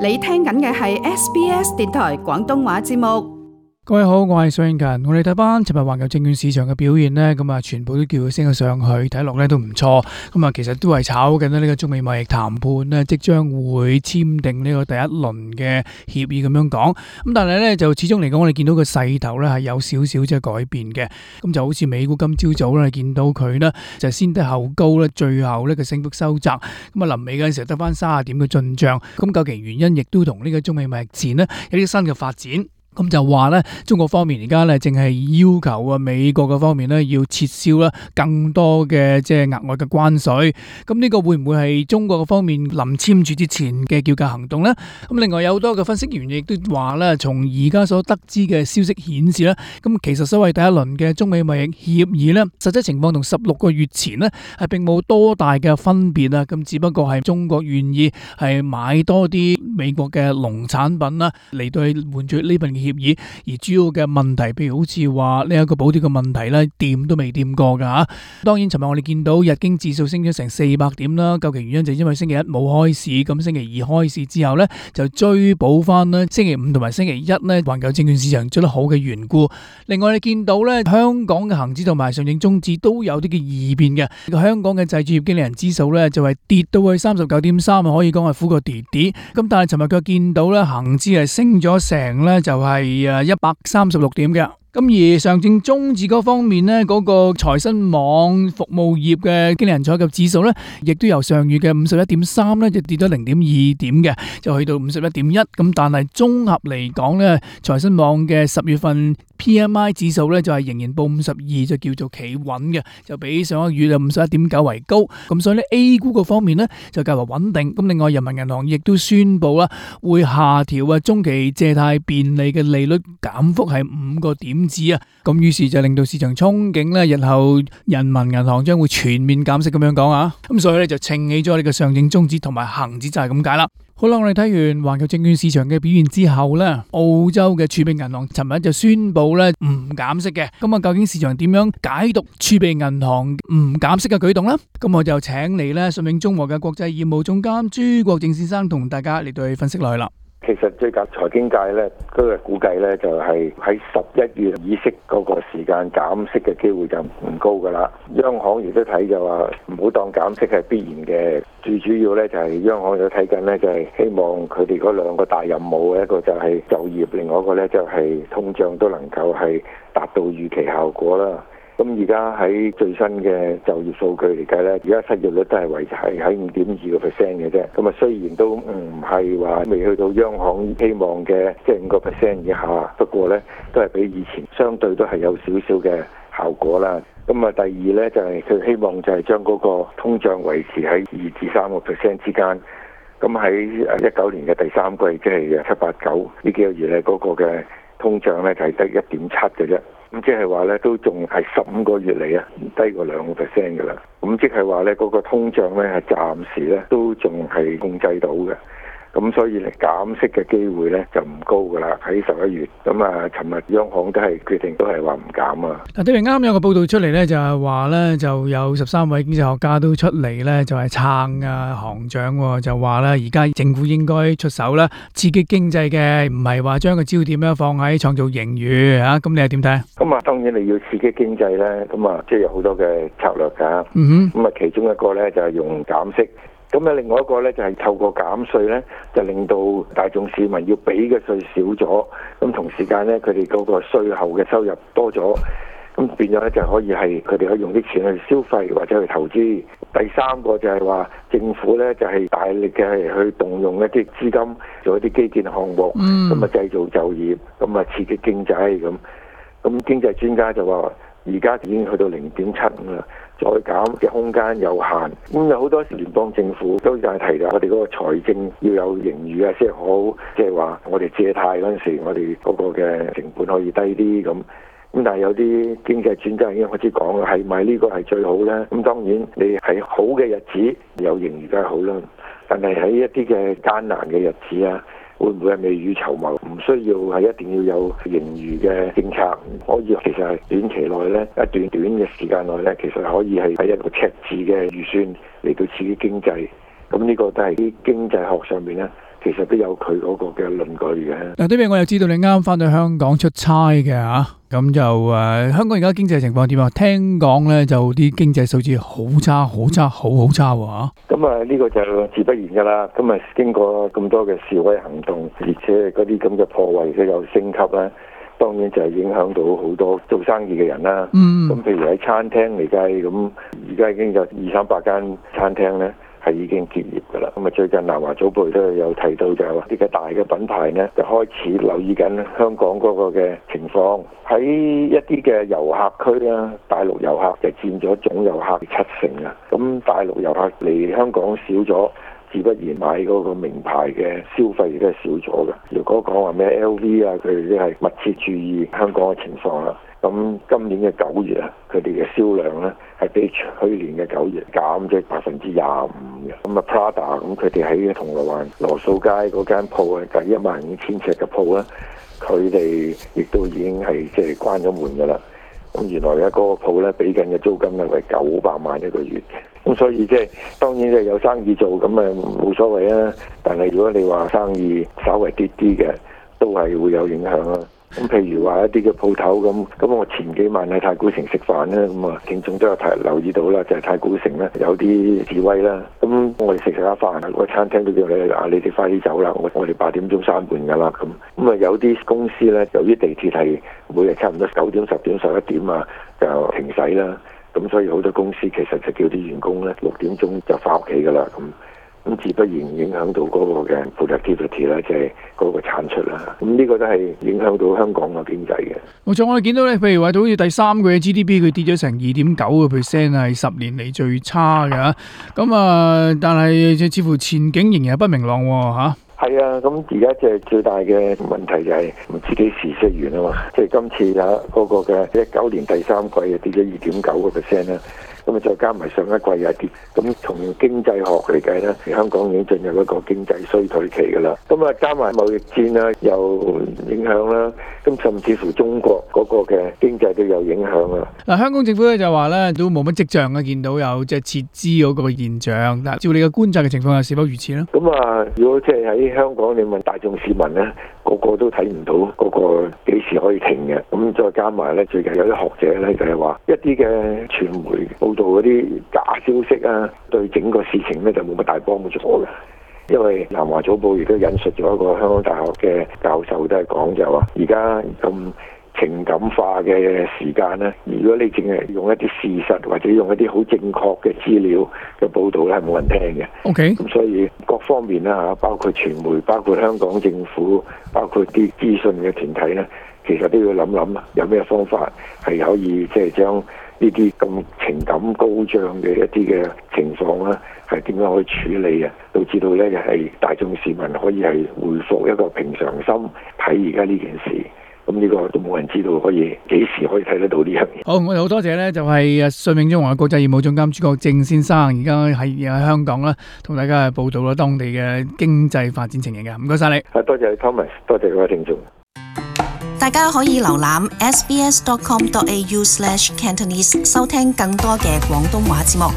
你聽緊嘅係 SBS 電台廣東話節目。各位好，我係蘇永強。我哋睇翻尋日環球證券市場嘅表現咧，咁啊，全部都叫佢升咗上去，睇落咧都唔錯。咁啊，其實都係炒緊咧呢個中美貿易談判咧，即將會簽訂呢個第一輪嘅協議咁樣講。咁但係咧，就始終嚟講，我哋見到個勢頭咧係有少少即係改變嘅。咁就好似美股今朝早咧見到佢咧就先低後高咧，最後咧個升幅收窄。咁啊，臨尾嗰陣時得翻三十點嘅進賬。咁究竟原因亦都同呢個中美貿易戰咧有啲新嘅發展。咁就話咧，中國方面而家咧，淨係要求啊美國嘅方面咧，要撤銷啦更多嘅即係額外嘅關稅。咁呢個會唔會係中國嘅方面臨簽署之前嘅叫價行動咧？咁另外有好多嘅分析員亦都話咧，從而家所得知嘅消息顯示咧，咁其實所謂第一輪嘅中美貿易協議咧，實際情況同十六個月前咧係並冇多大嘅分別啊。咁只不過係中國願意係買多啲美國嘅農產品啦嚟對換取呢份，協議，而主要嘅問題，譬如好似話呢一個補貼嘅問題咧，掂都未掂過噶吓。當然，尋日我哋見到日經指數升咗成四百點啦，究其原因就因為星期一冇開市，咁星期二開市之後呢，就追補翻，咧，星期五同埋星期一咧，環球證券市場做得好嘅緣故。另外，你見到呢香港嘅恒指同埋上證綜指都有啲嘅異變嘅。香港嘅製住業經理人指數呢，就係、是、跌到去三十九點三，可以講係苦過弟弟。咁但係尋日佢見到呢恒指係升咗成呢，就係、是。係啊，一百三十六點嘅。咁而上證綜指嗰方面呢，嗰、嗰個財新網服務業嘅經理人採購指數呢，亦都由上月嘅五十一點三呢，就跌咗零點二點嘅，就去到五十一點一。咁但係綜合嚟講呢，財新網嘅十月份。P.M.I 指數咧就係仍然報五十二，就叫做企穩嘅，就比上個月啊五十一點九為高。咁所以呢 A 股嗰方面呢，就較為穩定。咁另外，人民銀行亦都宣佈啦會下調啊中期借貸便利嘅利，利率減幅係五個點子啊。咁於是就令到市場憧憬咧日後人民銀行將會全面減息咁樣講啊。咁所以咧就撐起咗呢個上證綜指同埋恒指就係咁解啦。好啦，我哋睇完環球證券市場嘅表現之後咧，澳洲嘅儲備銀行尋日就宣布咧唔減息嘅。咁啊，究竟市場點樣解讀儲備銀行唔減息嘅舉動咧？咁我就請嚟咧信永中和嘅國際業務總監朱國正先生同大家嚟對分析嚟啦。其實最近財經界咧，都係估計咧，就係喺十一月議息嗰個時間減息嘅機會就唔高噶啦。央行亦都睇就話唔好當減息係必然嘅，最主要咧就係央行有睇緊咧，就係希望佢哋嗰兩個大任務，一個就係就業，另外一個咧就係通脹都能夠係達到預期效果啦。咁而家喺最新嘅就業數據嚟計咧，而家失業率都係維持喺五點二個 percent 嘅啫。咁啊，雖然都唔係話未去到央行希望嘅即係五個 percent 以下，不過咧都係比以前相對都係有少少嘅效果啦。咁啊，第二咧就係、是、佢希望就係將嗰個通脹維持喺二至三個 percent 之間。咁喺一九年嘅第三季，即係七八九呢幾個月咧，嗰個嘅通脹咧就係得一點七嘅啫。咁即係話咧，都仲係十五個月嚟啊，低過兩個 percent 嘅啦。咁即係話咧，嗰個通脹咧，係暫時咧都仲係控制到嘅。咁所以嚟減息嘅機會咧就唔高噶啦，喺十一月。咁啊，尋日央行都係決定都係話唔減啊。嗱、啊，啲人啱有個報道出嚟咧，就係話咧，就有十三位經濟學家都出嚟咧，就係、是、撐啊行長、哦，就話咧，而家政府應該出手啦，刺激經濟嘅，唔係話將個焦點咧放喺創造盈餘啊。咁你又點睇？咁啊，嗯、哼當然你要刺激經濟咧，咁啊，即係有好多嘅策略㗎。嗯哼。咁啊，其中一個咧就係用減息。咁啊，另外一個咧就係透過減稅咧，就令到大眾市民要俾嘅稅少咗，咁同時間咧佢哋嗰個稅後嘅收入多咗，咁變咗咧就可以係佢哋可以用啲錢去消費或者去投資。第三個就係話政府咧就係大力嘅去動用一啲資金做一啲基建項目，咁啊製造就業，咁啊刺激經濟咁。咁經濟專家就話。而家已經去到零點七五啦，再減嘅空間有限。咁有好多時聯邦政府都就係提到，我哋嗰個財政要有盈餘啊，先好，即係話我哋借貸嗰陣時，我哋嗰個嘅成本可以低啲咁。咁但係有啲經濟專家已經開始講，係咪呢個係最好咧？咁當然你喺好嘅日子有盈餘梗係好啦，但係喺一啲嘅艱難嘅日子啊。會唔會係未雨綢繆？唔需要係一定要有盈餘嘅政策，可以其實係短期內咧，一段短嘅時間內咧，其實可以係喺一個赤字嘅預算嚟到刺激經濟。咁呢個都係啲經濟學上面咧。其實都有佢嗰個嘅論據嘅。嗱、啊，呢邊我又知道你啱啱翻到香港出差嘅吓，咁就誒、呃，香港而家經濟情況點啊？聽講咧就啲經濟數字好差，好差，好好差啊！吓、嗯，咁啊呢個就自不然噶啦。咁啊經過咁多嘅示威行動，而且嗰啲咁嘅破壞咧有升級啦，當然就係影響到好多做生意嘅人啦。嗯，咁譬如喺餐廳嚟計，咁而家已經有二三百間餐廳咧，係已經結業㗎啦，咁啊最近南華早報都有提到，就係話呢個大嘅品牌呢，就開始留意緊香港嗰個嘅情況。喺一啲嘅遊客區啦，大陸遊客就佔咗總遊客嘅七成啊，咁大陸遊客嚟香港少咗。自不然買嗰個名牌嘅消費亦都係少咗嘅。如果講話咩 LV 啊，佢哋都係密切注意香港嘅情況啦、啊。咁今年嘅九月啊，佢哋嘅銷量咧係比去年嘅九月減咗百分之廿五嘅。咁啊 Prada，咁佢哋喺銅鑼灣羅素街嗰間鋪咧，一萬五千尺嘅鋪咧，佢哋亦都已經係即係關咗門㗎啦。原來咧，嗰個鋪咧畀緊嘅租金咧係九百萬一個月。咁所以即係當然咧有生意做，咁誒冇所謂啊，但係如果你話生意稍微跌啲嘅，都係會有影響啊。咁譬如話一啲嘅鋪頭咁，咁我前幾晚喺太古城食飯咧，咁啊，聽眾都有太留意到啦，就係太古城咧有啲示威啦。咁我哋食食下飯，個餐廳都叫你啊，你哋快啲走啦，我我哋八點鐘閂門㗎啦。咁咁啊，有啲公司咧，由於地鐵係每日差唔多九點、十點、十一點啊，就停駛啦。咁所以好多公司其實就叫啲員工咧，六點鐘就返屋企㗎啦。咁。咁自不然影響到嗰個嘅 productivity 啦，即係嗰個產出啦。咁呢個都係影響到香港嘅經濟嘅。冇錯、哦、我哋見到咧，譬如話到好似第三季 GDP 佢跌咗成二點九個 percent，係十年嚟最差嘅。咁啊，但係似乎前景仍然不明朗吓，係啊，咁而家即係最大嘅問題就係、是、唔知幾時息完啊嘛。即、就、係、是、今次嚇嗰個嘅一九年第三季啊，跌咗二點九個 percent 啦。咁啊，再加埋上，上一季又跌，咁從經濟學嚟計咧，香港已經進入一個經濟衰退期噶啦。咁啊，加埋貿易戰啦，有影響啦，咁甚至乎中國嗰個嘅經濟都有影響啊。嗱，香港政府咧就話咧都冇乜跡象啊，見到有即係撤資嗰個現象。但照你嘅觀察嘅情況下，是否如此咧？咁啊，如果即係喺香港，你問大眾市民咧？個個都睇唔到嗰個幾時可以停嘅，咁再加埋呢，最近有啲學者呢，就係話，一啲嘅傳媒報道嗰啲假消息啊，對整個事情呢，就冇乜大幫助嘅，因為南華早報亦都引述咗一個香港大學嘅教授都係講就話，而家咁情感化嘅時間咧，如果你淨係用一啲事實，或者用一啲好正確嘅資料嘅報導咧，係冇人聽嘅。OK，咁所以各方面啦，嚇，包括傳媒、包括香港政府、包括啲資訊嘅團體咧，其實都要諗諗啊，有咩方法係可以即係將呢啲咁情感高漲嘅一啲嘅情況咧，係點樣去處理啊？導致到咧係大眾市民可以係回復一個平常心睇而家呢件事。咁呢個都冇人知道，可以幾時可以睇得到呢樣？好，我哋好多謝咧，就係啊信永中華國際業務總監朱國正先生，而家喺香港啦，同大家報道咗當地嘅經濟發展情形嘅。唔該晒你。啊，多謝 Thomas，多謝各位聽眾。大家可以瀏覽 sbs.com.au/cantonese 收聽更多嘅廣東話節目。